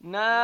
No.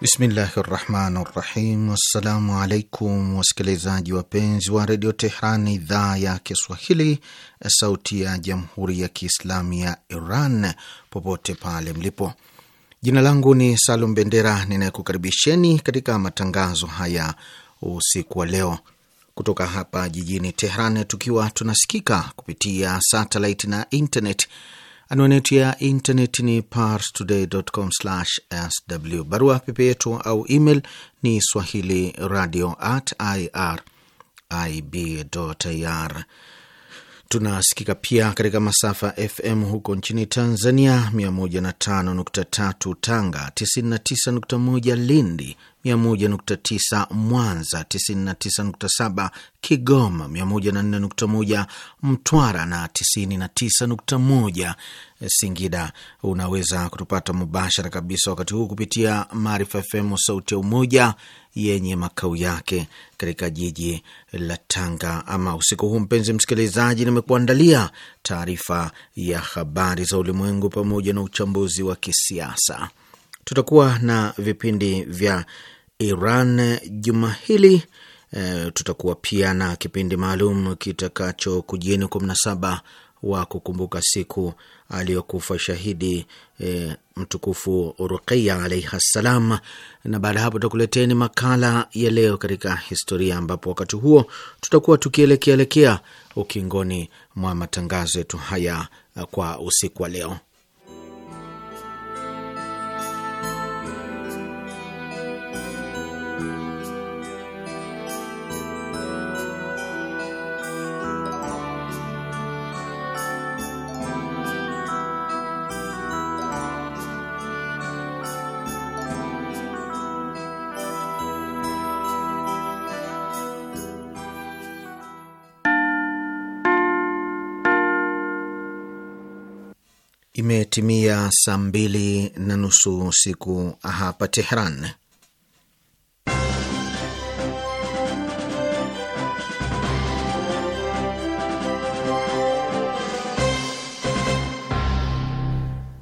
Bismillahi rahmani rahim. Wassalamu alaikum wasikilizaji wapenzi wa redio Tehran, idhaa ya Kiswahili, sauti ya jamhuri ya kiislamu ya Iran, popote pale mlipo. Jina langu ni Salum Bendera ninayekukaribisheni katika matangazo haya usiku wa leo kutoka hapa jijini Tehran, tukiwa tunasikika kupitia satelit na internet Anwani yetu ya intaneti ni parstoday.com/sw. Barua pepe yetu au email ni swahili radio at irib.ir. Tunasikika pia katika masafa FM huko nchini Tanzania, 105.3 Tanga, 99.1 Lindi, 101.9 Mwanza, 99.7 Kigoma, 104.1 Mtwara na 99.1 Singida. Unaweza kutupata mubashara kabisa wakati huu kupitia Maarifa FM sauti ya Umoja yenye makao yake katika jiji la Tanga. Ama usiku huu, mpenzi msikilizaji, nimekuandalia taarifa ya habari za ulimwengu pamoja na uchambuzi wa kisiasa Tutakuwa na vipindi vya Iran juma hili. E, tutakuwa pia na kipindi maalum kitakacho kujieni kwa mnasaba wa kukumbuka siku aliyokufa shahidi e, mtukufu Ruqaya alaihi ssalam, na baada ya hapo tutakuleteni makala ya leo katika historia, ambapo wakati huo tutakuwa tukielekeaelekea ukingoni mwa matangazo yetu haya kwa usiku wa leo. Imetimia saa mbili na nusu usiku hapa Tehran.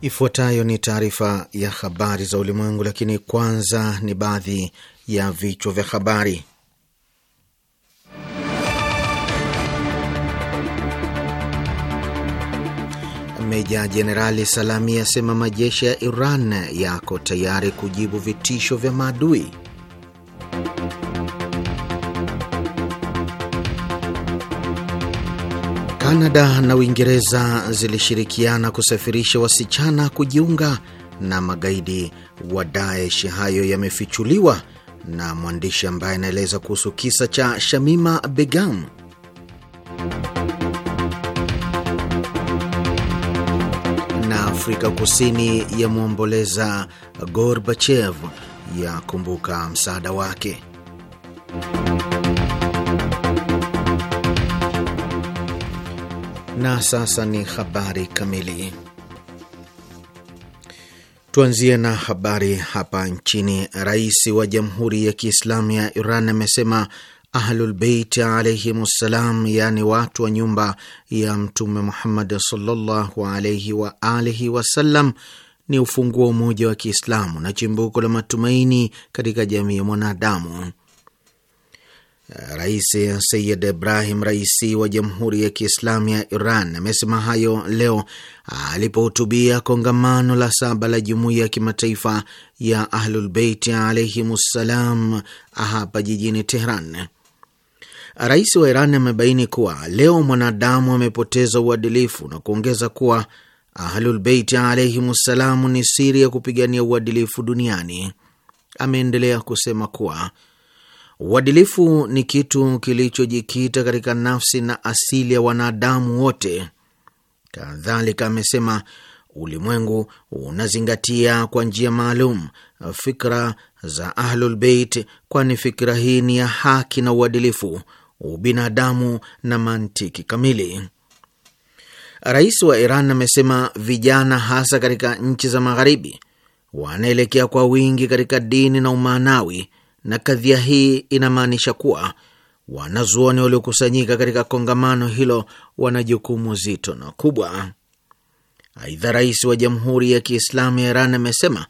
Ifuatayo ni taarifa ya habari za ulimwengu, lakini kwanza ni baadhi ya vichwa vya habari. Meja Jenerali Salami asema majeshi ya Iran yako tayari kujibu vitisho vya maadui. Kanada na Uingereza zilishirikiana kusafirisha wasichana kujiunga na magaidi wa Daesh. Hayo yamefichuliwa na mwandishi ambaye anaeleza kuhusu kisa cha Shamima Begum Afrika Kusini yamwomboleza Gorbachev, ya kumbuka msaada wake. Na sasa ni habari kamili. Tuanzie na habari hapa nchini. Rais wa Jamhuri ya Kiislamu ya Iran amesema Ahlulbeit alaihim ssalam, yaani watu wa nyumba ya Mtume Muhammad sallallahu alaihi wa alihi wasallam ni ufunguo umoja wa Kiislamu na chimbuko la matumaini katika jamii ya mwanadamu. Rais Sayid Ibrahim Raisi wa Jamhuri ya Kiislamu ya Iran amesema hayo leo alipohutubia kongamano la saba la Jumuiya ya Kimataifa ya Ahlulbeiti alaihimussalam hapa jijini Tehran. Rais wa Iran amebaini kuwa leo mwanadamu amepoteza uadilifu na kuongeza kuwa Ahlulbeiti ssalamu ni siri ya kupigania uadilifu duniani. Ameendelea kusema kuwa uadilifu ni kitu kilichojikita katika nafsi na asili ya wanadamu wote. Kadhalika amesema ulimwengu unazingatia kwa njia maalum fikra za Ahlulbeit, kwani fikra hii ni ya haki na uadilifu ubinadamu na mantiki kamili. Rais wa Iran amesema vijana hasa katika nchi za Magharibi wanaelekea kwa wingi katika dini na umaanawi, na kadhia hii inamaanisha kuwa wanazuoni waliokusanyika katika kongamano hilo wana jukumu zito na kubwa. Aidha, rais wa Jamhuri ya Kiislamu ya Iran amesema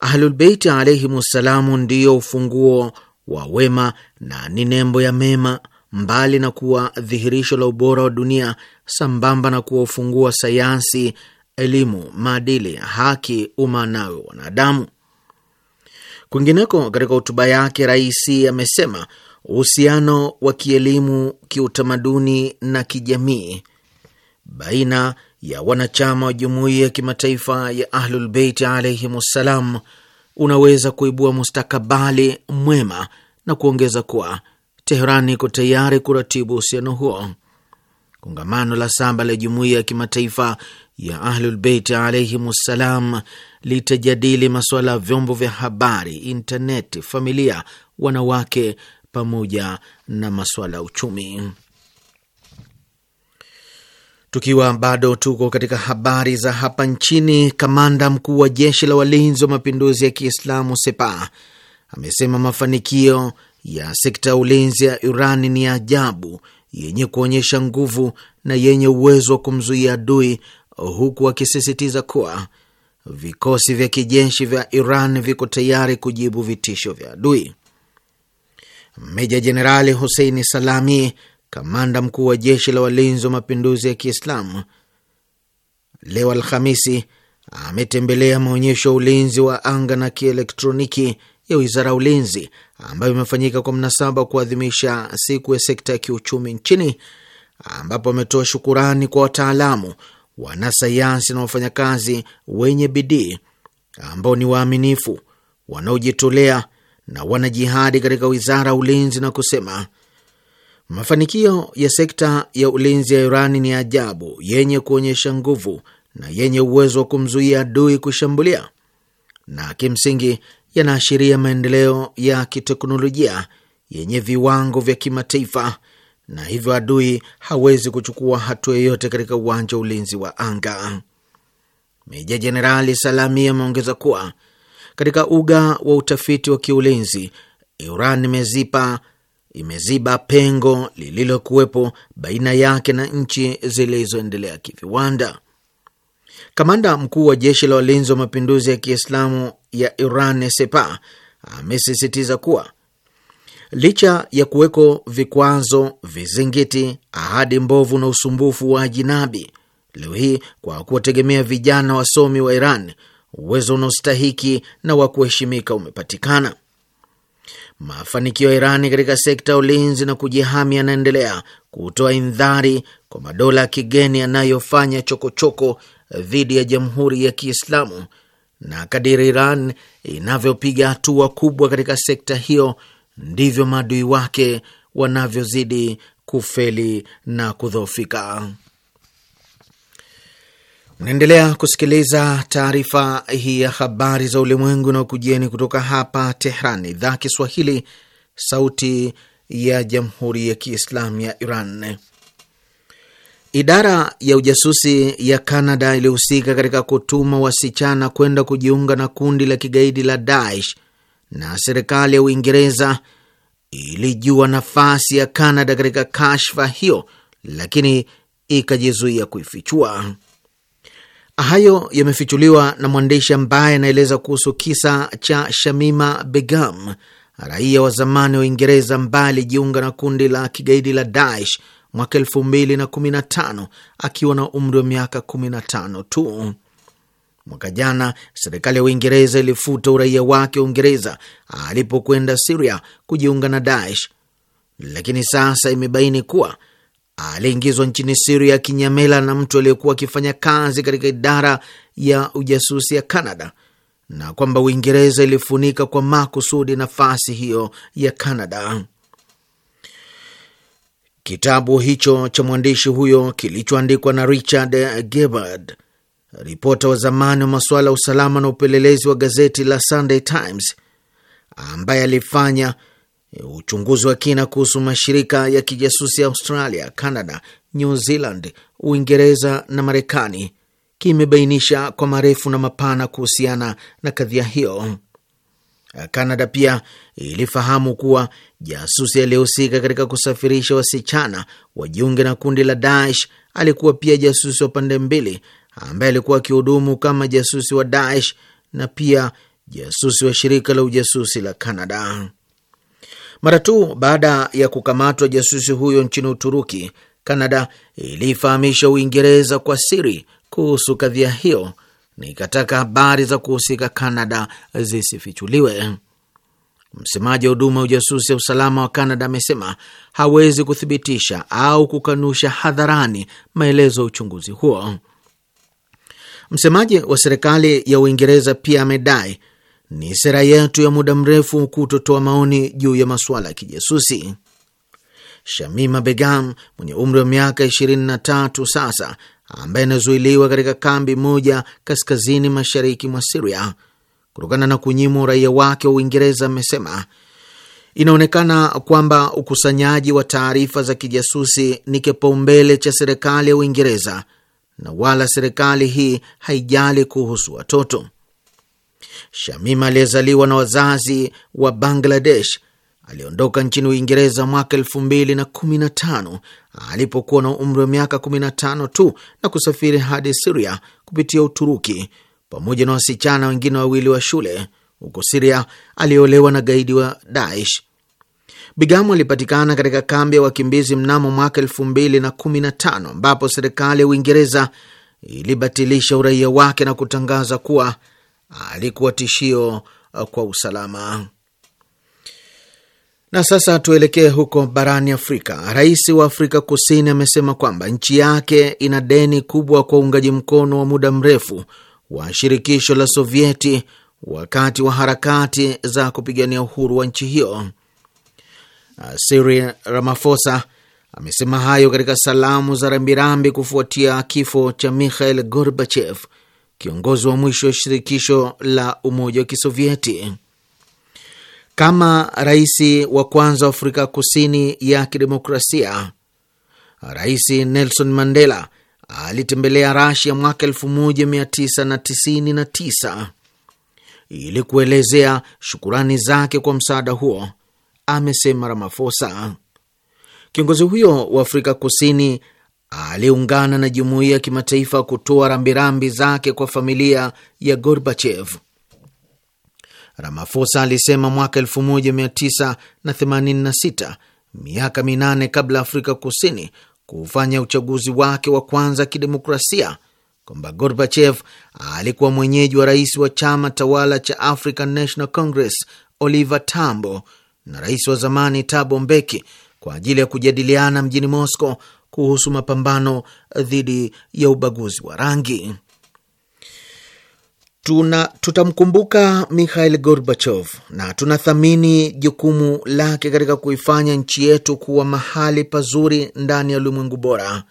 Ahlulbeiti alaihim ssalamu ndiyo ufunguo wa wema na ni nembo ya mema, mbali na kuwa dhihirisho la ubora wa dunia, sambamba na kuwa ufungua sayansi, elimu, maadili, haki, umaanawe wanadamu. Kwingineko, katika hotuba yake, rais amesema uhusiano wa kielimu, kiutamaduni na kijamii baina ya wanachama wa jumuiya ya kimataifa ya Ahlulbeiti alaihim ssalam unaweza kuibua mustakabali mwema na kuongeza kuwa Teheran iko tayari kuratibu uhusiano huo. Kongamano la saba la Jumuiya ya Kimataifa ya Ahlulbeit alaihimussalam litajadili masuala ya vyombo vya habari, intaneti, familia, wanawake pamoja na masuala ya uchumi. Tukiwa bado tuko katika habari za hapa nchini, kamanda mkuu wa jeshi la walinzi wa mapinduzi ya Kiislamu Sepah amesema mafanikio ya sekta ya ulinzi ya Iran ni ajabu, yenye kuonyesha nguvu na yenye uwezo wa kumzuia adui, huku akisisitiza kuwa vikosi vya kijeshi vya Iran viko tayari kujibu vitisho vya adui. Meja Jenerali Huseini Salami, kamanda mkuu wa jeshi la walinzi wa mapinduzi ya Kiislamu, leo Alhamisi ametembelea maonyesho ya ulinzi wa anga na kielektroniki ya wizara ya ulinzi ambayo imefanyika kwa mnasaba kuadhimisha siku ya sekta ya kiuchumi nchini, ambapo ametoa shukurani kwa wataalamu, wanasayansi na wafanyakazi wenye bidii ambao ni waaminifu, wanaojitolea na wanajihadi katika wizara ya ulinzi na kusema mafanikio ya sekta ya ulinzi ya Irani ni ajabu, yenye kuonyesha nguvu na yenye uwezo wa kumzuia adui kushambulia, na kimsingi yanaashiria maendeleo ya kiteknolojia yenye viwango vya kimataifa na hivyo adui hawezi kuchukua hatua yoyote katika uwanja wa ulinzi wa anga. Meja Jenerali Salami ameongeza kuwa katika uga wa utafiti wa kiulinzi Iran imezipa imeziba pengo lililokuwepo baina yake na nchi zilizoendelea kiviwanda. Kamanda mkuu wa jeshi la walinzi wa mapinduzi ya Kiislamu ya Iran sepa amesisitiza kuwa licha ya kuweko vikwazo, vizingiti, ahadi mbovu na usumbufu wa ajinabi, leo hii kwa kuwategemea vijana wasomi wa Iran uwezo unaostahiki na wa kuheshimika umepatikana. Mafanikio ya Irani katika sekta ya ulinzi na kujihami yanaendelea kutoa indhari kwa madola ya kigeni yanayofanya chokochoko dhidi ya Jamhuri ya Kiislamu na kadiri Iran inavyopiga hatua kubwa katika sekta hiyo ndivyo maadui wake wanavyozidi kufeli na kudhoofika. Unaendelea kusikiliza taarifa hii ya habari za ulimwengu na ukujieni kutoka hapa Tehran, idhaa Kiswahili, sauti ya Jamhuri ya Kiislamu ya Iran. Idara ya ujasusi ya canada ilihusika katika kutuma wasichana kwenda kujiunga na kundi la kigaidi la Daesh, na serikali ya Uingereza ilijua nafasi ya canada katika kashfa hiyo, lakini ikajizuia kuifichua. Hayo yamefichuliwa na mwandishi ambaye anaeleza kuhusu kisa cha Shamima Begum, raia wa zamani wa Uingereza ambaye alijiunga na kundi la kigaidi la Daesh mwaka elfu mbili na kumi na tano akiwa na umri wa miaka kumi na tano tu. Mwaka jana serikali ya Uingereza ilifuta uraia wake wa Uingereza alipokwenda Siria kujiunga na Daesh, lakini sasa imebaini kuwa aliingizwa nchini Siria kinyamela na mtu aliyekuwa akifanya kazi katika idara ya ujasusi ya canada na kwamba Uingereza ilifunika kwa makusudi nafasi hiyo ya canada Kitabu hicho cha mwandishi huyo kilichoandikwa na Richard Gebard, ripota wa zamani wa masuala ya usalama na upelelezi wa gazeti la Sunday Times, ambaye alifanya eh, uchunguzi wa kina kuhusu mashirika ya kijasusi ya Australia, Canada, New Zealand, Uingereza na Marekani, kimebainisha kwa marefu na mapana kuhusiana na kadhia hiyo. Kanada eh, pia ilifahamu kuwa jasusi aliyehusika katika kusafirisha wasichana wajiunge na kundi la Daesh alikuwa pia jasusi wa pande mbili ambaye alikuwa akihudumu kama jasusi wa Daesh na pia jasusi wa shirika la ujasusi la Kanada. Mara tu baada ya kukamatwa jasusi huyo nchini Uturuki, Kanada ilifahamisha Uingereza kwa siri kuhusu kadhia hiyo na ikataka habari za kuhusika Canada zisifichuliwe. Msemaji wa huduma ya ujasusi ya usalama wa Canada amesema hawezi kuthibitisha au kukanusha hadharani maelezo ya uchunguzi huo. Msemaji wa serikali ya Uingereza pia amedai ni sera yetu ya muda mrefu kutotoa maoni juu ya masuala ya kijasusi. Shamima Begum mwenye umri wa miaka 23 sasa ambaye anazuiliwa katika kambi moja kaskazini mashariki mwa Siria kutokana na kunyimwa uraia wake wa Uingereza amesema inaonekana kwamba ukusanyaji wa taarifa za kijasusi ni kipaumbele cha serikali ya Uingereza na wala serikali hii haijali kuhusu watoto. Shamima aliyezaliwa na wazazi wa Bangladesh aliondoka nchini Uingereza mwaka elfu mbili na kumi na tano alipokuwa na umri wa miaka 15 tu na kusafiri hadi Siria kupitia Uturuki pamoja na wasichana wengine wawili wa shule. Huko Siria aliolewa na gaidi wa Daesh. Bigamu alipatikana katika kambi ya wakimbizi mnamo mwaka elfu mbili na kumi na tano ambapo serikali ya Uingereza ilibatilisha uraia wake na kutangaza kuwa alikuwa tishio kwa usalama. Na sasa tuelekee huko barani Afrika. Rais wa Afrika Kusini amesema kwamba nchi yake ina deni kubwa kwa uungaji mkono wa muda mrefu wa shirikisho la Sovieti wakati wa harakati za kupigania uhuru wa nchi hiyo. Cyril Ramaphosa amesema hayo katika salamu za rambirambi kufuatia kifo cha Mikhail Gorbachev, kiongozi wa mwisho wa shirikisho la Umoja wa Kisovieti kama rais wa kwanza wa Afrika Kusini ya Kidemokrasia. Rais Nelson Mandela alitembelea Rasia mwaka 1999 ili kuelezea shukurani zake kwa msaada huo, amesema ramafosa Kiongozi huyo wa Afrika Kusini aliungana na jumuiya ya kimataifa kutoa rambirambi zake kwa familia ya Gorbachev ramafosa alisema mwaka 1986 miaka minane kabla ya Afrika Kusini kufanya uchaguzi wake wa kwanza kidemokrasia kwamba Gorbachev alikuwa mwenyeji wa rais wa chama tawala cha African National Congress Oliver Tambo na rais wa zamani Thabo Mbeki kwa ajili ya kujadiliana mjini Moscow kuhusu mapambano dhidi ya ubaguzi wa rangi. Tuna, tutamkumbuka Mikhail Gorbachev na tunathamini jukumu lake katika kuifanya nchi yetu kuwa mahali pazuri ndani ya ulimwengu bora,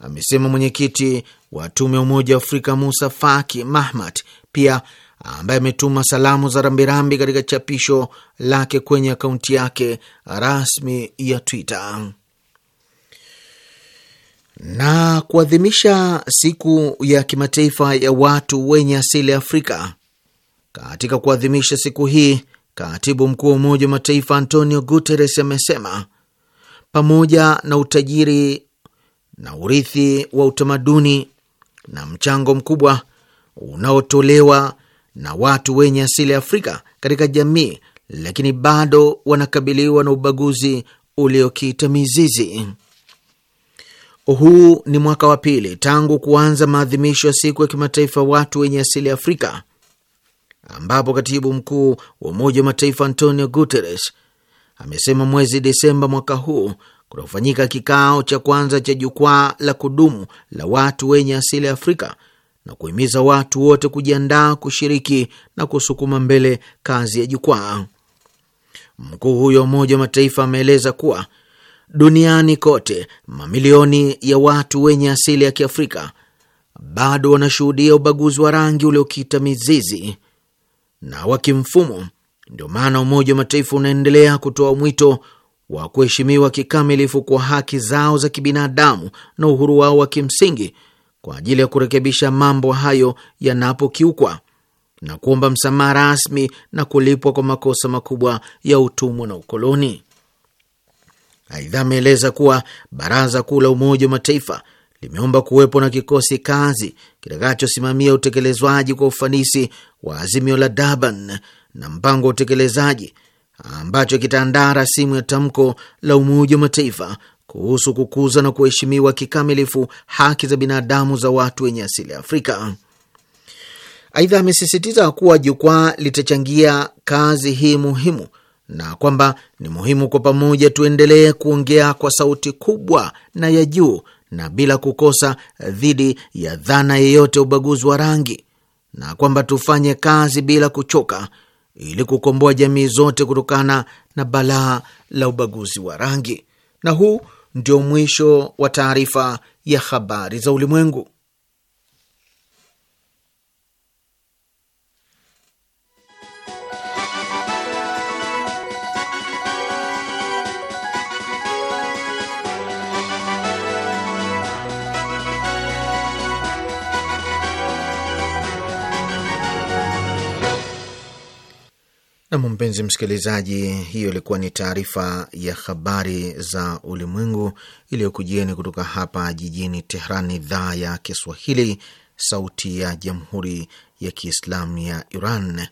amesema mwenyekiti wa tume ya Umoja wa Afrika Musa Faki mahmat pia ambaye ametuma salamu za rambirambi katika chapisho lake kwenye akaunti yake rasmi ya Twitter na kuadhimisha siku ya kimataifa ya watu wenye asili ya Afrika. Katika kuadhimisha siku hii, katibu mkuu wa Umoja wa Mataifa Antonio Guterres amesema pamoja na utajiri na urithi wa utamaduni na mchango mkubwa unaotolewa na watu wenye asili ya Afrika katika jamii, lakini bado wanakabiliwa na ubaguzi uliokita mizizi. Huu ni mwaka wa pili tangu kuanza maadhimisho ya siku ya kimataifa watu wenye asili ya Afrika, ambapo katibu mkuu wa Umoja wa Mataifa Antonio Guterres amesema mwezi Desemba mwaka huu kunafanyika kikao cha kwanza cha jukwaa la kudumu la watu wenye asili ya Afrika na kuhimiza watu wote kujiandaa kushiriki na kusukuma mbele kazi ya jukwaa. Mkuu huyo wa Umoja wa Mataifa ameeleza kuwa Duniani kote mamilioni ya watu wenye asili ya Kiafrika bado wanashuhudia ubaguzi wa rangi uliokita mizizi na wa kimfumo. Ndio maana Umoja wa Mataifa unaendelea kutoa mwito wa kuheshimiwa kikamilifu kwa haki zao za kibinadamu na uhuru wao wa kimsingi kwa ajili ya kurekebisha mambo hayo yanapokiukwa na kuomba msamaha rasmi na kulipwa kwa makosa makubwa ya utumwa na ukoloni. Aidha, ameeleza kuwa Baraza Kuu la Umoja wa Mataifa limeomba kuwepo na kikosi kazi kitakachosimamia utekelezwaji kwa ufanisi wa azimio la Durban na mpango wa utekelezaji ambacho kitaandaa rasimu ya tamko la Umoja wa Mataifa kuhusu kukuza na kuheshimiwa kikamilifu haki za binadamu za watu wenye asili ya Afrika. Aidha, amesisitiza kuwa jukwaa litachangia kazi hii muhimu na kwamba ni muhimu kwa pamoja tuendelee kuongea kwa sauti kubwa na ya juu na bila kukosa dhidi ya dhana yeyote ubaguzi wa rangi, na kwamba tufanye kazi bila kuchoka ili kukomboa jamii zote kutokana na balaa la ubaguzi wa rangi. Na huu ndio mwisho wa taarifa ya habari za ulimwengu. Nam, mpenzi msikilizaji, hiyo ilikuwa ni taarifa ya habari za ulimwengu iliyokujieni kutoka hapa jijini Tehran, idhaa ya Kiswahili, sauti ya jamhuri ya kiislamu ya Iran.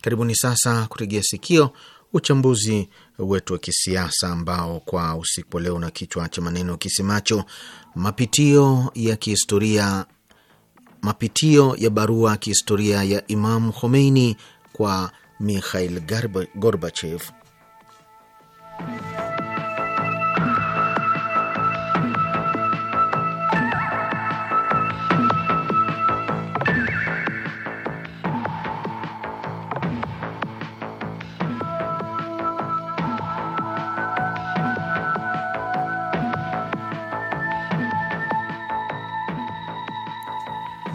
Karibuni sasa kutegea sikio uchambuzi wetu wa kisiasa ambao kwa usiku wa leo na kichwa cha maneno kisemacho mapitio ya kihistoria, mapitio ya barua ya kihistoria ya Imam Khomeini kwa Михаил Горбачев.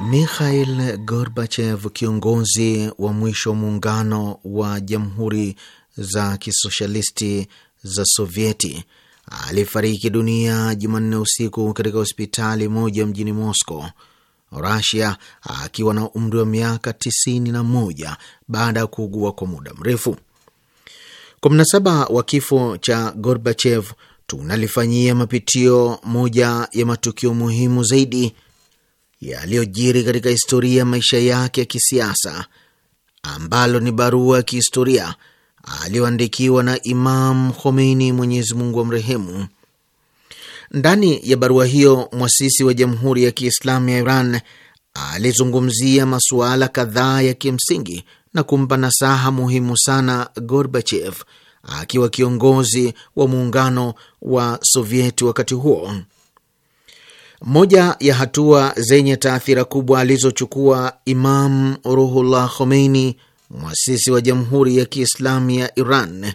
Mikhail Gorbachev, kiongozi wa mwisho wa muungano wa jamhuri za kisoshalisti za Sovieti, alifariki dunia Jumanne usiku katika hospitali moja mjini Moscow, Rasia, akiwa na umri wa miaka 91 baada ya kuugua kwa muda mrefu. Kwa mnasaba wa kifo cha Gorbachev, tunalifanyia mapitio moja ya matukio muhimu zaidi yaliyojiri katika historia ya maisha yake ya kisiasa, ambalo ni barua ya kihistoria aliyoandikiwa na Imam Khomeini, Mwenyezi Mungu mrehemu Ndani ya barua hiyo, mwasisi wa Jamhuri ya Kiislamu ya Iran alizungumzia masuala kadhaa ya kimsingi na kumpa nasaha muhimu sana Gorbachev akiwa kiongozi wa muungano wa Sovieti wakati huo. Moja ya hatua zenye taathira kubwa alizochukua Imam Ruhullah Khomeini, mwasisi wa Jamhuri ya Kiislamu ya Iran,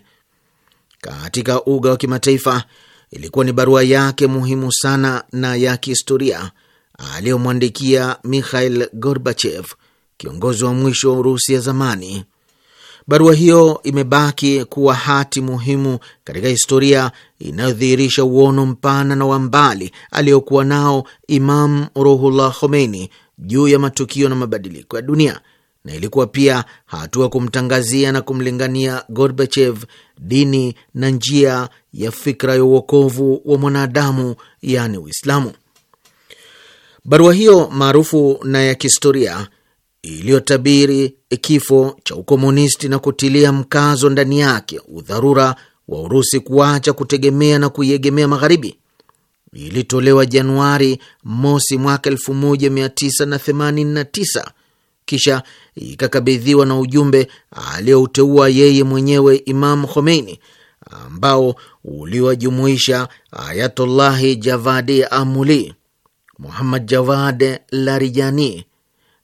katika uga wa kimataifa ilikuwa ni barua yake muhimu sana na ya kihistoria aliyomwandikia Mikhail Gorbachev, kiongozi wa mwisho wa Urusi ya zamani. Barua hiyo imebaki kuwa hati muhimu katika historia inayodhihirisha uono mpana na wa mbali aliyokuwa nao Imam Ruhullah Khomeini juu ya matukio na mabadiliko ya dunia, na ilikuwa pia hatua kumtangazia na kumlingania Gorbachev dini na njia ya fikra ya uokovu wa mwanadamu, yaani Uislamu. Barua hiyo maarufu na ya kihistoria iliyotabiri kifo cha ukomunisti na kutilia mkazo ndani yake udharura wa Urusi kuacha kutegemea na kuiegemea Magharibi ilitolewa Januari mosi mwaka 1989 kisha ikakabidhiwa na ujumbe aliyouteua yeye mwenyewe Imam Khomeini ambao uliwajumuisha Ayatullahi Javadi Amuli, Muhammad Javad Larijani,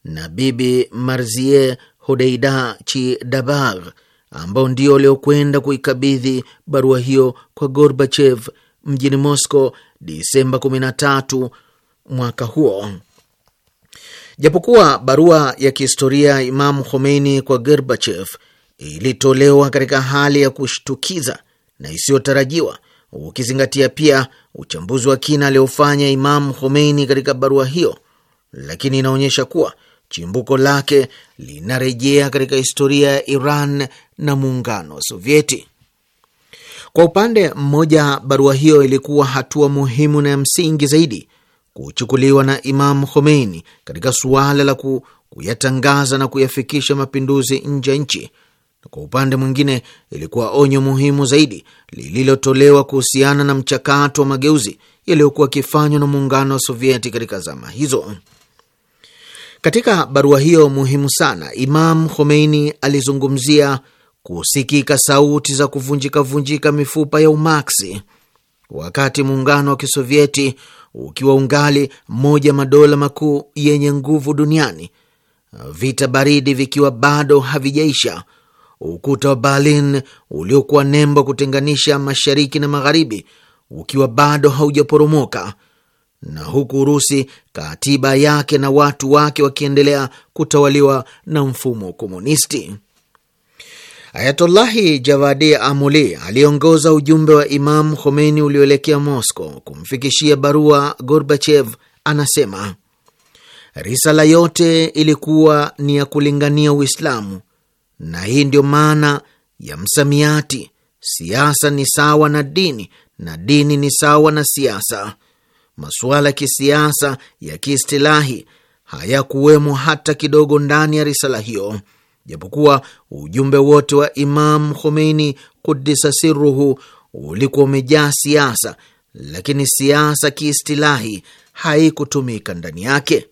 na Bibi Marzie Hodeida Chidabagh ambao ndio waliokwenda kuikabidhi barua hiyo kwa Gorbachev mjini Moscow Disemba 13 mwaka huo. Japokuwa barua ya kihistoria Imam Imamu Khomeini kwa Gorbachev ilitolewa katika hali ya kushtukiza na isiyotarajiwa, ukizingatia pia uchambuzi wa kina aliofanya Imamu Khomeini katika barua hiyo, lakini inaonyesha kuwa chimbuko lake linarejea katika historia ya Iran na muungano wa Sovieti. Kwa upande mmoja, barua hiyo ilikuwa hatua muhimu na ya msingi zaidi kuchukuliwa na Imam Khomeini katika suala la ku, kuyatangaza na kuyafikisha mapinduzi nje ya nchi. Kwa upande mwingine, ilikuwa onyo muhimu zaidi lililotolewa kuhusiana na mchakato wa mageuzi yaliyokuwa akifanywa na muungano wa Sovieti katika zama hizo. Katika barua hiyo muhimu sana, Imam Khomeini alizungumzia kusikika sauti za kuvunjikavunjika mifupa ya Umaksi wakati muungano wa Kisovyeti ukiwa ungali moja madola makuu yenye nguvu duniani, vita baridi vikiwa bado havijaisha, ukuta wa Berlin uliokuwa nembo kutenganisha mashariki na magharibi ukiwa bado haujaporomoka na huku Urusi katiba yake na watu wake wakiendelea kutawaliwa na mfumo wa komunisti. Ayatollahi Javadi Amuli aliongoza ujumbe wa Imam Khomeini ulioelekea Moscow kumfikishia barua Gorbachev. Anasema risala yote ilikuwa ni ya kulingania Uislamu, na hii ndio maana ya msamiati: siasa ni sawa na dini na dini ni sawa na siasa masuala ya kisiasa ya kiistilahi hayakuwemo hata kidogo ndani ya risala hiyo, japokuwa ujumbe wote wa Imam Khomeini kudisa siruhu ulikuwa umejaa siasa, lakini siasa kiistilahi haikutumika ndani yake.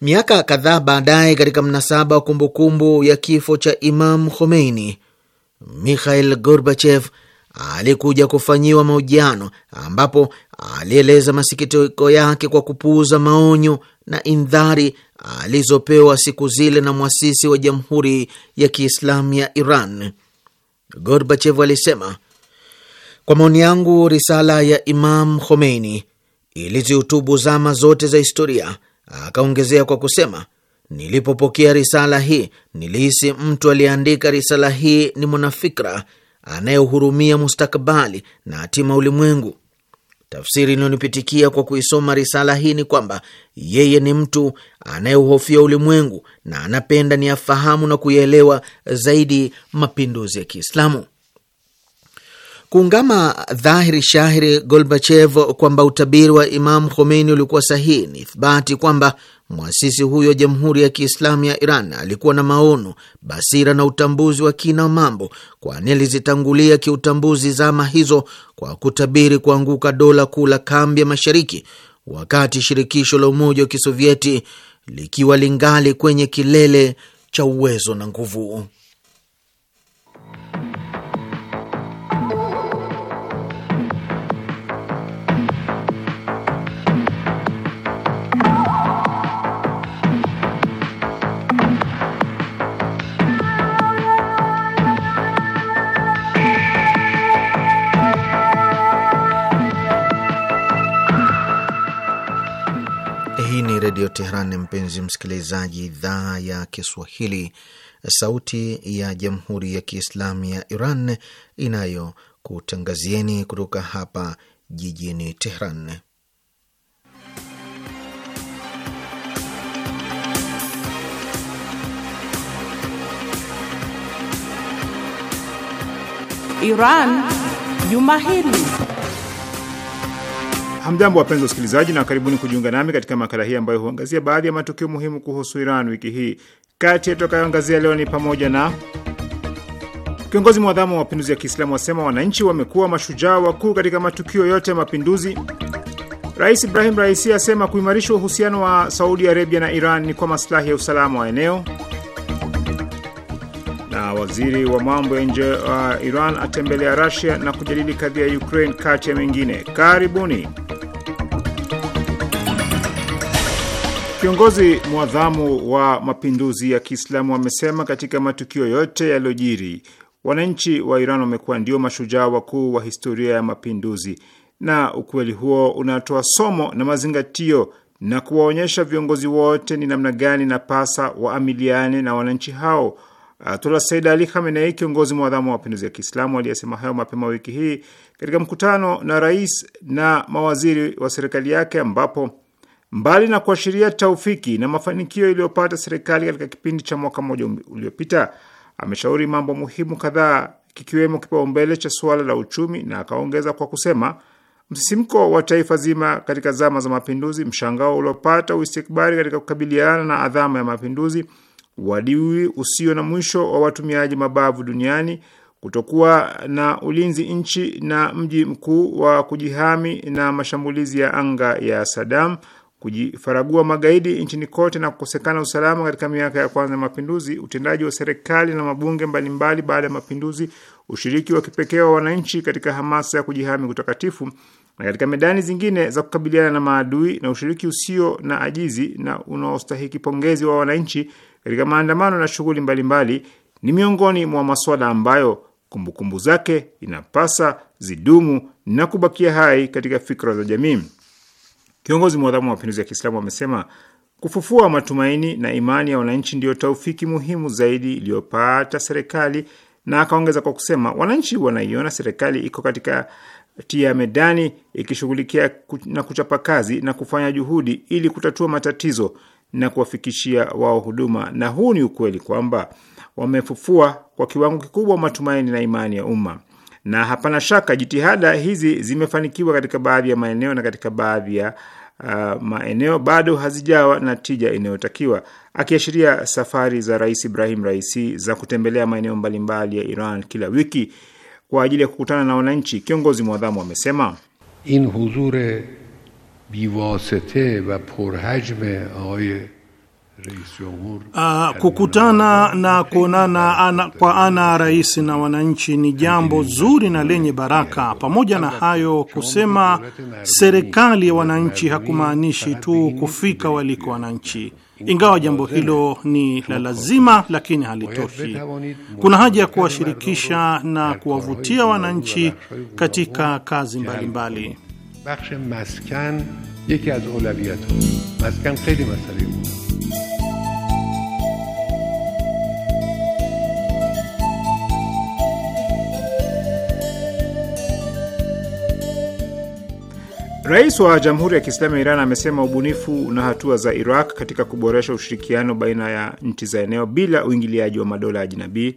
Miaka kadhaa baadaye, katika mnasaba wa kumbukumbu ya kifo cha Imam Khomeini, Mikhail Gorbachev alikuja kufanyiwa mahojiano ambapo alieleza masikitiko yake kwa kupuuza maonyo na indhari alizopewa siku zile na mwasisi wa Jamhuri ya Kiislamu ya Iran. Gorbachev alisema, kwa maoni yangu, risala ya Imam Khomeini ilizihutubu zama zote za historia. Akaongezea kwa kusema, nilipopokea risala hii nilihisi mtu aliyeandika risala hii ni mwanafikra anayehurumia mustakabali na hatima ulimwengu Tafsiri iliyonipitikia kwa kuisoma risala hii ni kwamba yeye ni mtu anayeuhofia ulimwengu na anapenda ni afahamu na kuyaelewa zaidi mapinduzi ya Kiislamu. Kuungama dhahiri shahiri Gorbachev kwamba utabiri wa Imam Khomeini ulikuwa sahihi ni ithibati kwamba Mwasisi huyo wa Jamhuri ya Kiislamu ya Iran alikuwa na maono, basira na utambuzi wa kina wa mambo, kwani alizitangulia kiutambuzi zama hizo kwa kutabiri kuanguka dola kuu la kambi ya Mashariki wakati shirikisho la Umoja wa Kisovyeti likiwa lingali kwenye kilele cha uwezo na nguvu. shukran mpenzi msikilizaji. Idhaa ya Kiswahili, Sauti ya Jamhuri ya Kiislamu ya Iran inayokutangazieni kutoka hapa jijini Tehran. Iran Juma Hili. Hamjambo, wapenzi usikilizaji na karibuni kujiunga nami katika makala hii ambayo huangazia baadhi ya matukio muhimu kuhusu Iran wiki hii. Kati yatokayoangazia leo ni pamoja na kiongozi mwadhamu wa mapinduzi ya Kiislamu wasema wananchi wamekuwa mashujaa wakuu katika matukio yote ya mapinduzi. Rais Ibrahim Raisi asema kuimarisha uhusiano wa Saudi Arabia na Iran ni kwa masilahi ya usalama wa eneo, na waziri wa mambo ya nje wa Iran atembelea Russia na kujadili kadhia ya Ukraine kati ya mengine. Karibuni. Kiongozi mwadhamu wa mapinduzi ya Kiislamu amesema katika matukio yote yaliyojiri, wananchi wa Iran wamekuwa ndio mashujaa wakuu wa historia ya mapinduzi, na ukweli huo unatoa somo na mazingatio na kuwaonyesha viongozi wote ni namna gani na pasa waamiliane na wananchi hao. Ayatullah Said Ali Khamenei, kiongozi mwadhamu wa mapinduzi ya Kiislamu, aliyesema hayo mapema wiki hii katika mkutano na rais na mawaziri wa serikali yake, ambapo Mbali na kuashiria taufiki na mafanikio iliyopata serikali katika kipindi cha mwaka mmoja um, uliopita, ameshauri mambo muhimu kadhaa, kikiwemo kipaumbele cha suala la uchumi, na akaongeza kwa kusema msisimko wa taifa zima katika zama za mapinduzi, mshangao uliopata uistikbari katika kukabiliana na adhama ya mapinduzi, uadui usio na mwisho wa watumiaji mabavu duniani, kutokuwa na ulinzi nchi na mji mkuu wa kujihami na mashambulizi ya anga ya sadam kujifaragua magaidi nchini kote na kukosekana usalama katika miaka ya kwanza ya mapinduzi, utendaji wa serikali na mabunge mbalimbali baada ya mapinduzi, ushiriki wa kipekee wa wananchi katika hamasa ya kujihami kutakatifu na katika medani zingine za kukabiliana na maadui, na ushiriki usio na ajizi na unaostahiki pongezi wa wananchi katika maandamano na shughuli mbalimbali, ni miongoni mwa masuala ambayo kumbukumbu zake inapasa zidumu na kubakia hai katika fikra za jamii. Kiongozi mwadhamu wa mapinduzi ya Kiislamu amesema kufufua matumaini na imani ya wananchi ndiyo taufiki muhimu zaidi iliyopata serikali, na akaongeza kwa kusema, wananchi wanaiona serikali iko katika tia medani ikishughulikia na kuchapa kazi na kufanya juhudi ili kutatua matatizo na kuwafikishia wao huduma, na huu ni ukweli kwamba wamefufua kwa kiwango kikubwa matumaini na imani ya umma na hapana shaka jitihada hizi zimefanikiwa katika baadhi ya maeneo na katika baadhi ya uh, maeneo bado hazijawa na tija inayotakiwa, akiashiria safari za Rais Ibrahim Raisi za kutembelea maeneo mbalimbali ya Iran kila wiki kwa ajili ya kukutana na wananchi. Kiongozi mwadhamu amesema in huzure biwasete wa porhajme aye Uh, kukutana na kuonana ana kwa ana rais na wananchi ni jambo zuri na lenye baraka. Pamoja na hayo, kusema serikali ya wananchi hakumaanishi tu kufika waliko wananchi, ingawa jambo hilo ni la lazima, lakini halitoshi. Kuna haja ya kuwashirikisha na kuwavutia wananchi katika kazi mbalimbali mbali. Rais wa Jamhuri ya Kiislamu ya Iran amesema ubunifu na hatua za Iraq katika kuboresha ushirikiano baina ya nchi za eneo bila uingiliaji wa madola ya jinabii,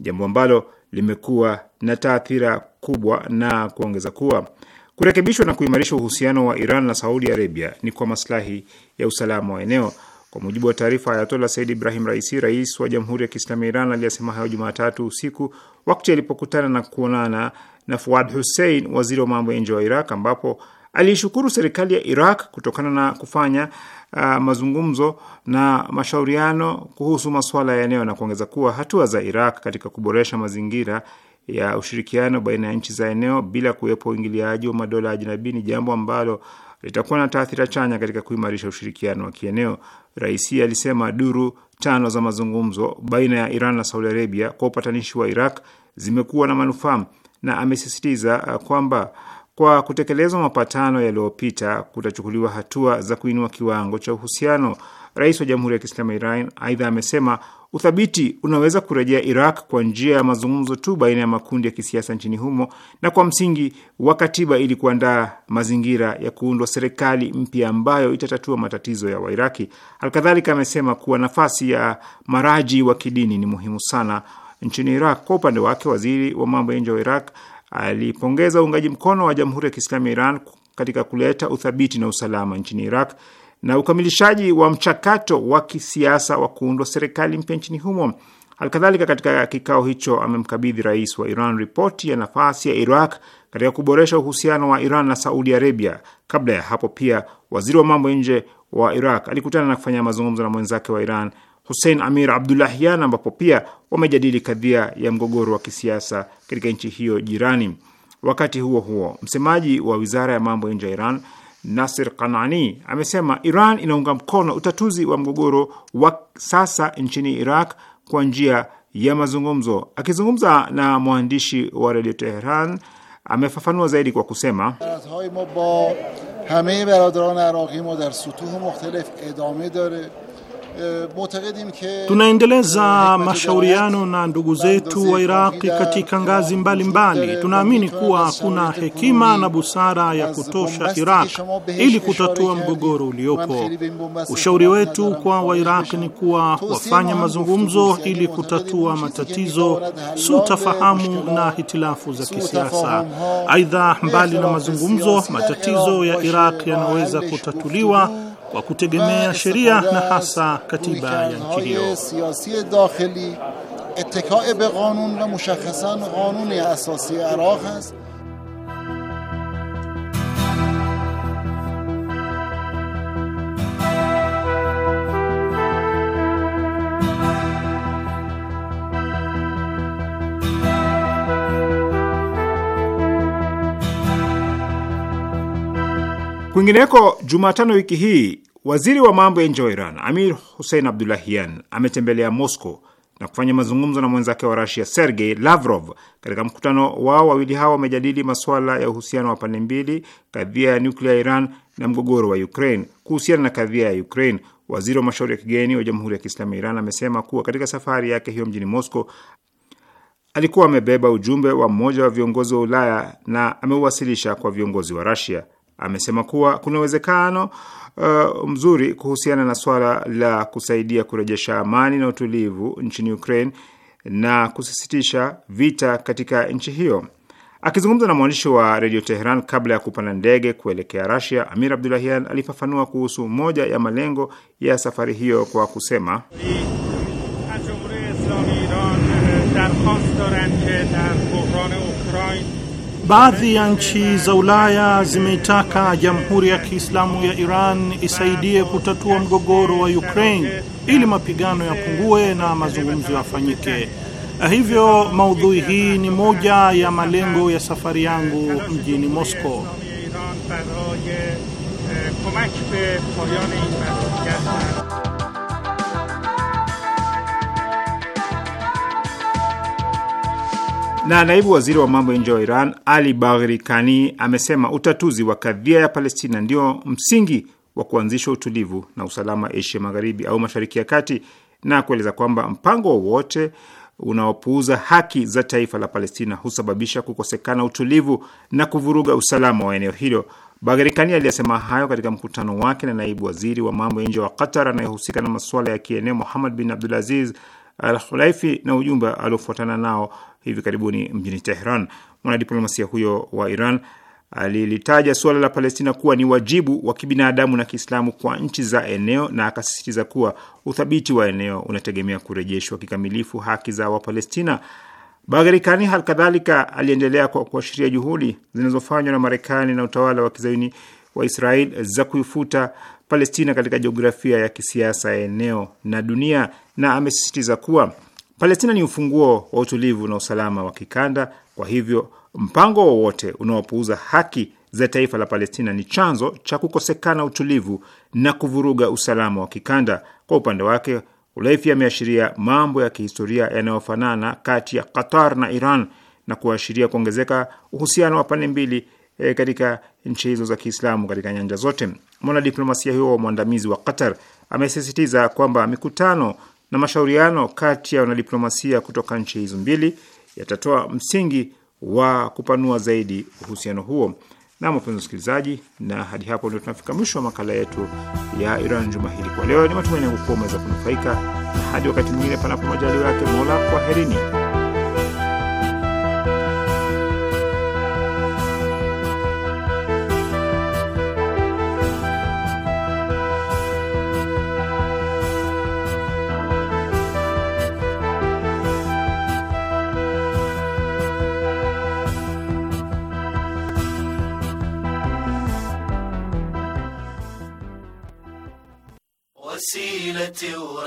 jambo ambalo limekuwa na taathira kubwa, na kuongeza kuwa kurekebishwa na kuimarisha uhusiano wa Iran na Saudi Arabia ni kwa maslahi ya usalama wa eneo. Kwa mujibu wa taarifa Ayatola Said Ibrahim Raisi, rais wa Jamhuri ya Kiislamu ya Iran, aliyesema hayo Jumatatu usiku wakati alipokutana na kuonana na Fuad Hussein, waziri wa mambo ya nje wa Iraq, ambapo aliishukuru serikali ya Iraq kutokana na kufanya uh, mazungumzo na mashauriano kuhusu masuala ya eneo na kuongeza kuwa hatua za Iraq katika kuboresha mazingira ya ushirikiano baina ya nchi za eneo bila kuwepo uingiliaji wa madola ya jinabi ni jambo ambalo litakuwa na taathira chanya katika kuimarisha ushirikiano wa kieneo. Raisi alisema duru tano za mazungumzo baina ya Iran na Saudi Arabia kwa upatanishi wa Iraq zimekuwa na manufaa na amesisitiza uh, kwamba kwa kutekelezwa mapatano yaliyopita, kutachukuliwa hatua za kuinua kiwango cha uhusiano. Rais wa Jamhuri ya Kiislamu ya Iran aidha amesema uthabiti unaweza kurejea Iraq kwa njia ya mazungumzo tu baina ya makundi ya kisiasa nchini humo na kwa msingi wa katiba, ili kuandaa mazingira ya kuundwa serikali mpya ambayo itatatua matatizo ya Wairaki. alkadhalika amesema kuwa nafasi ya maraji wa kidini ni muhimu sana nchini Iraq. Kwa upande wake, waziri wa mambo ya nje wa Iraq alipongeza uungaji mkono wa Jamhuri ya Kiislamu ya Iran katika kuleta uthabiti na usalama nchini Iraq na ukamilishaji wa mchakato wa kisiasa wa kuundwa serikali mpya nchini humo. alkadhalika katika kikao hicho amemkabidhi rais wa Iran ripoti ya nafasi ya Iraq katika kuboresha uhusiano wa Iran na Saudi Arabia. Kabla ya hapo pia, waziri wa mambo ya nje wa Iraq alikutana na kufanya mazungumzo na mwenzake wa Iran Hussein Amir Abdullahyan, ambapo pia wamejadili kadhia ya mgogoro wa kisiasa katika nchi hiyo jirani. Wakati huo huo, msemaji wa wizara ya mambo ya nje ya Iran Nasir Kanani amesema Iran inaunga mkono utatuzi wa mgogoro wa sasa nchini Iraq kwa njia ya mazungumzo. Akizungumza na mwandishi wa redio Teheran, amefafanua zaidi kwa kusema Tunaendeleza mashauriano na ndugu zetu wa Iraqi katika ngazi mbalimbali. Tunaamini kuwa kuna hekima na busara ya kutosha Iraq ili kutatua mgogoro uliopo. Ushauri wetu kwa wairaq ni kuwa wafanye mazungumzo ili kutatua matatizo, sutafahamu na hitilafu za kisiasa. Aidha, mbali na mazungumzo, matatizo ya Iraq yanaweza kutatuliwa kwa kutegemea sheria na hasa katiba ya nchi hiyo. اتکاع به قانون و مشخصا قانون اساسی عراق است، Kwingineko, Jumatano wiki hii waziri wa mambo ya nje wa Iran Amir Hussein Abdulahian ametembelea Moscow na kufanya mazungumzo na mwenzake wa Rasia Sergey Lavrov. Katika mkutano wao, wawili hao wamejadili masuala ya uhusiano wa pande mbili, kadhia ya nyuklia ya Iran na mgogoro wa Ukraine. Kuhusiana na kadhia ya Ukraine, waziri wa mashauri ya kigeni wa Jamhuri ya Kiislamu ya Iran amesema kuwa katika safari yake hiyo mjini Moscow alikuwa amebeba ujumbe wa mmoja wa viongozi wa Ulaya na ameuwasilisha kwa viongozi wa Rasia amesema kuwa kuna uwezekano uh, mzuri kuhusiana na swala la kusaidia kurejesha amani na utulivu nchini Ukraine na kusisitisha vita katika nchi hiyo. Akizungumza na mwandishi wa redio Teheran kabla ya kupanda ndege kuelekea Rasia, Amir Abdulahian alifafanua kuhusu moja ya malengo ya safari hiyo kwa kusema Baadhi ya nchi za Ulaya zimeitaka Jamhuri ya Kiislamu ya Iran isaidie kutatua mgogoro wa Ukraine ili mapigano yapungue na mazungumzo yafanyike. Hivyo maudhui hii ni moja ya malengo ya safari yangu mjini Moscow. Na naibu waziri wa mambo ya nje wa Iran Ali Bagheri Kani amesema utatuzi wa kadhia ya Palestina ndio msingi wa kuanzisha utulivu na usalama Asia Magharibi au Mashariki ya Kati, na kueleza kwamba mpango wowote unaopuuza haki za taifa la Palestina husababisha kukosekana utulivu na kuvuruga usalama wa eneo hilo. Bagheri aliyesema hayo katika mkutano wake na naibu waziri wa mambo ya nje wa Qatar anayehusika na masuala ya kieneo Muhammad bin Abdulaziz Al Khulaifi na ujumbe aliofuatana nao hivi karibuni mjini Tehran. Mwanadiplomasia huyo wa Iran alilitaja suala la Palestina kuwa ni wajibu wa kibinadamu na Kiislamu kwa nchi za eneo na akasisitiza kuwa uthabiti wa eneo unategemea kurejeshwa kikamilifu haki za Wapalestina. Bagherikani halikadhalika aliendelea kwa kuashiria juhudi zinazofanywa na Marekani na utawala wa kizayuni wa Israel za kuifuta Palestina katika jiografia ya kisiasa ya eneo na dunia, na amesisitiza kuwa Palestina ni ufunguo wa utulivu na usalama wa kikanda. Kwa hivyo, mpango wowote unaopuuza haki za taifa la Palestina ni chanzo cha kukosekana utulivu na kuvuruga usalama wa kikanda. Kwa upande wake, Ulaifi ameashiria mambo ya kihistoria yanayofanana kati ya Qatar na Iran na kuashiria kuongezeka uhusiano wa pande mbili e, katika nchi hizo za Kiislamu katika nyanja zote. Mwanadiplomasia huo wa mwandamizi wa Qatar amesisitiza kwamba mikutano na mashauriano kati ya wanadiplomasia kutoka nchi hizo mbili yatatoa msingi wa kupanua zaidi uhusiano huo. Na wapenzi wasikilizaji, na hadi hapo ndio tunafika mwisho wa makala yetu ya Iran juma hili kwa leo. Ni matumaini yangu kuwa umeweza kunufaika, na hadi wakati mwingine, panapo majaliwa yake Mola, kwaherini. Assalamu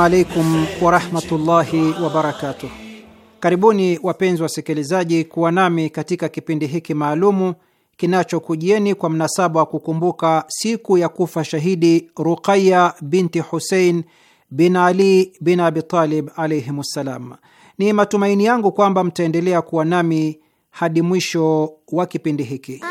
alaikum warahmatullahi wabarakatuh. Karibuni wapenzi wasikilizaji, kuwa nami katika kipindi hiki maalumu kinachokujieni kwa mnasaba wa kukumbuka siku ya kufa shahidi Ruqaya binti Husein bin Ali bin Abitalib alaihim ssalam. Ni matumaini yangu kwamba mtaendelea kuwa nami hadi mwisho wa kipindi hiki.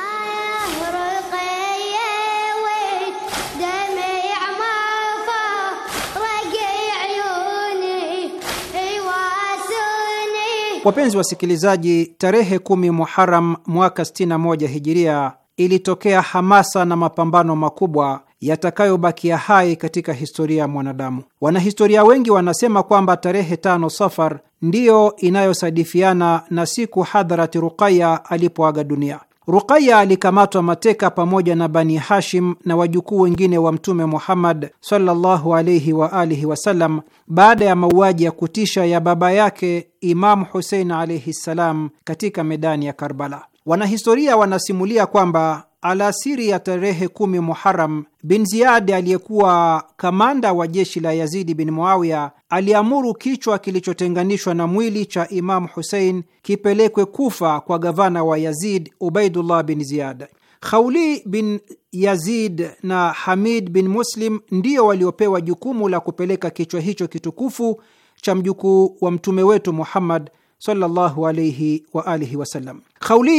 Wapenzi wasikilizaji, tarehe kumi Muharam mwaka 61 hijiria ilitokea hamasa na mapambano makubwa yatakayobakia hai katika historia ya mwanadamu. Wanahistoria wengi wanasema kwamba tarehe tano Safar ndiyo inayosadifiana na siku Hadharati Ruqaya alipoaga dunia. Ruqaya alikamatwa mateka pamoja na Bani Hashim na wajukuu wengine wa Mtume Muhammad sallallahu alayhi wa alihi wasallam baada ya mauaji ya kutisha ya baba yake Imamu Husein alaihi ssalam katika medani ya Karbala. Wanahistoria wanasimulia kwamba alasiri ya tarehe kumi Muharam, bin Ziyad aliyekuwa kamanda wa jeshi la Yazidi bin Muawiya aliamuru kichwa kilichotenganishwa na mwili cha Imamu Husein kipelekwe Kufa kwa gavana wa Yazid, Ubaidullah bin Ziyad. Khauli bin Yazid na Hamid bin Muslim ndio waliopewa jukumu la kupeleka kichwa hicho kitukufu cha mjukuu wa mtume wetu Muhammad sallallahu wa alihi wasallam.